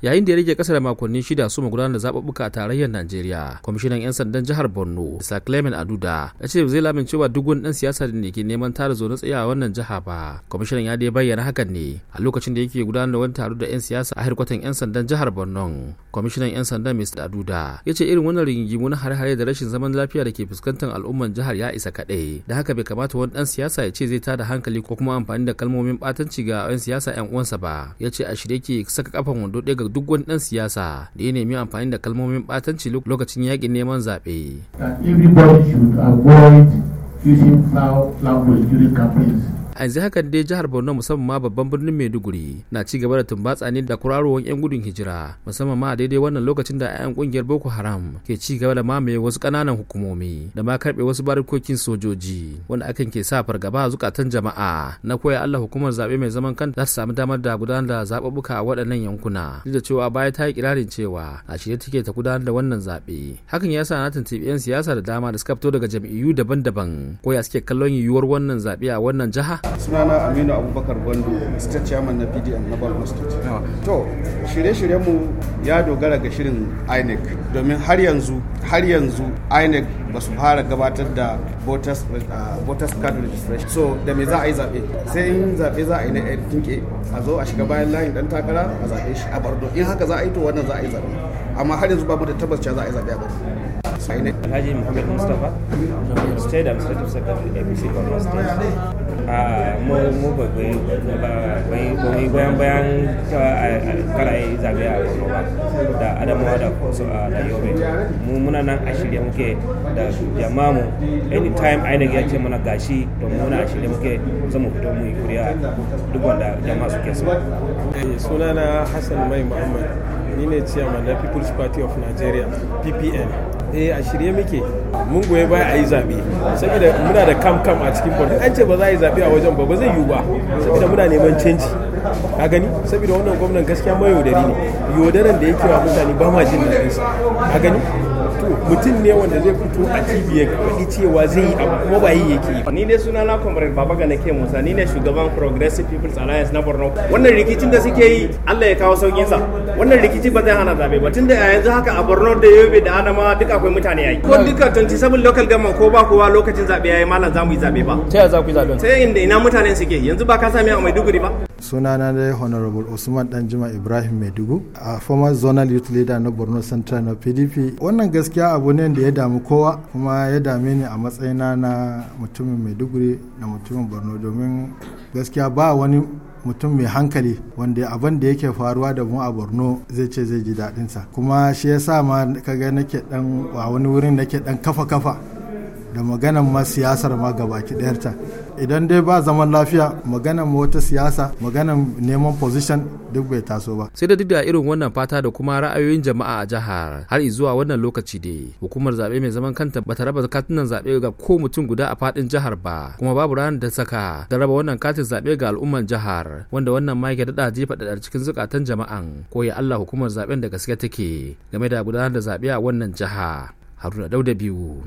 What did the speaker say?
yayin da ya rage kasa da makonni shida su gudanar da zaɓuɓɓuka a tarayyar najeriya kwamishinan 'yan sandan jihar borno isa clement aduda ya ce zai lamin cewa duk wani ɗan siyasa da ke neman tara zo na tsaye a wannan jiha ba kwamishinan ya dai bayyana hakan ne a lokacin da yake gudanar da wani taro da 'yan siyasa a harkwatan 'yan sandan jihar borno kwamishinan 'yan sandan mr aduda ya ce irin wannan rigingimu na hare-hare da rashin zaman lafiya da ke fuskantar al'umman jihar ya isa kaɗai da haka bai kamata wani ɗan siyasa ya ce zai tada hankali ko kuma amfani da kalmomin ɓatanci ga 'yan siyasa 'yan uwansa ba ya ce a shirye ke saka kafan wando ɗaya ga duk wani ɗan siyasa da ya nemi amfani da kalmomin ɓatanci lokacin yakin neman zaɓe. That everybody should avoid using foul language during campaigns. a yanzu hakan dai jihar borno musamman ma babban birnin maiduguri na ci gaba da tumbatsa ne da kurarowar yan gudun hijira musamman ma a daidai wannan lokacin da 'ya'yan kungiyar boko haram ke ci gaba da mamaye wasu kananan hukumomi da ma karbe wasu barikokin sojoji wanda akan ke sa fargaba zukatan jama'a na koya allah hukumar zaɓe mai zaman kanta za ta samu damar da gudanar da zaɓuɓɓuka a waɗannan yankuna duk da cewa baya ta yi kirarin cewa a shirye take ta gudanar da wannan zaɓe hakan ya sa na tuntuɓi 'yan siyasa da dama da suka fito daga jam'iyyu daban-daban ko ya suke kallon yiwuwar wannan zaɓe a wannan jiha sunana aminu abubakar gwando state chairman na pdm na borno state to shirye-shiryenmu ya dogara ga shirin inec domin har yanzu har yanzu inec ba su fara gabatar da voters eh, card registration so da me za a yi zaɓe sai in zaɓe za a yi na tinke a zo a shiga bayan layin dan takara a zaɓe shi a bardo in haka za a yi to wannan za a yi zaɓe amma har yanzu ba mu da tabbas za a yi zaɓe a bardo Alhaji Mustafa, Muhammad Mustapha, State Administrative Secretary APC Kwakwa State. mu ba goyon bayan kada yi zabe a Kwakwa ba da Adamawa da Kwaso a da Yobe. Mu muna nan a shirye muke da jamamu anytime INEC ya ce mana gashi to muna a shirye muke mu fito mu yi kuriya duk wanda jama'a suke so. Sunana Hassan Mai Muhammad. ni ne chairman na people's party of nigeria ppn eh a shirye muke mun goye baya a yi zaɓe saboda muna da kam kam a cikin borno an ce ba za a yi zaɓe a wajen ba ba zai yiwu ba saboda muna neman canji ka gani saboda wannan gwamnan gaskiya mai yaudari ne yaudaran da yake wa mutane ba ma jin daɗinsa ka gani mutum ne wanda zai fito a cibiyar ya cewa zai yi abu kuma ba yi yake yi ni ne suna na comrade baba ga nake musa ni ne shugaban progressive people's alliance na borno wannan rikicin da suke yi allah ya kawo saukin sa wannan rikici ba zai hana zabe ba tunda a yanzu haka a borno da yobe da adama duk akwai mutane yayi ko duka 27 local government ko ba kowa lokacin zabe yayi malam za mu yi zabe ba sai za ku yi zabe sai inda ina mutanen suke yanzu ba ka sami a maiduguri ba sunana dai honorable usman danjuma ibrahim maidugu a former zonal youth leader na borno central na pdp wannan gaskiya abu ne da ya damu kowa kuma ya dame ni a matsayina na mutumin maiduguri na mutumin borno domin gaskiya ba wani mutum mai hankali wanda abin da yake faruwa da mu a borno zai ce zai ji daɗinsa kuma shi ya sa ma kaga nake dan a wani wurin nake dan kafa kafa da maganan ma siyasar ma gabaki ɗayarta idan dai ba zaman lafiya maganan wata siyasa maganan neman position duk bai taso ba sai da duk da irin wannan fata da kuma ra'ayoyin jama'a a jihar har zuwa wannan lokaci da hukumar zaɓe mai zaman kanta bata raba katunan zaɓe ga ko mutum guda a faɗin jihar ba kuma babu ranar da saka da raba wannan katin zaɓe ga al'umman jihar wanda wannan ma yake daɗa jefa da cikin zukatan jama'an ko ya Allah hukumar zaɓen da gaske take game da gudanar da zaɓe a wannan jiha haruna dauda biyu